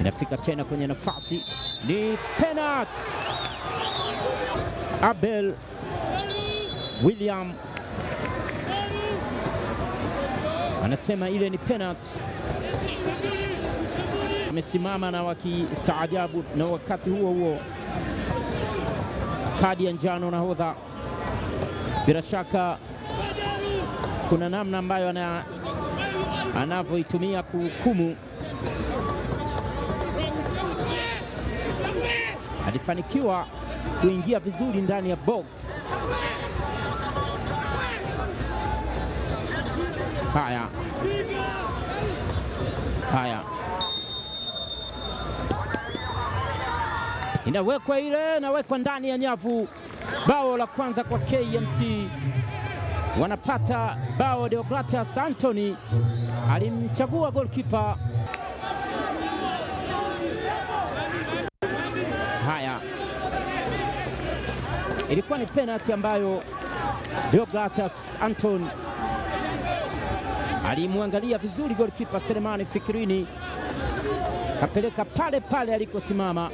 inafika tena kwenye nafasi, ni penalti. Abel William anasema ile ni penalti. Wamesimama na wakistaajabu, na wakati huo huo kadi ya njano nahodha. Bila shaka kuna namna ambayo anavyoitumia kuhukumu. alifanikiwa kuingia vizuri ndani ya box. Haya, haya, inawekwa ile, inawekwa ndani ya nyavu. Bao la kwanza kwa KMC, wanapata bao. Deogratas Anthony alimchagua goalkeeper Ilikuwa ni penalti ambayo Deogatus Anton alimwangalia vizuri golikipa Selemani Fikirini kapeleka pale pale alikosimama.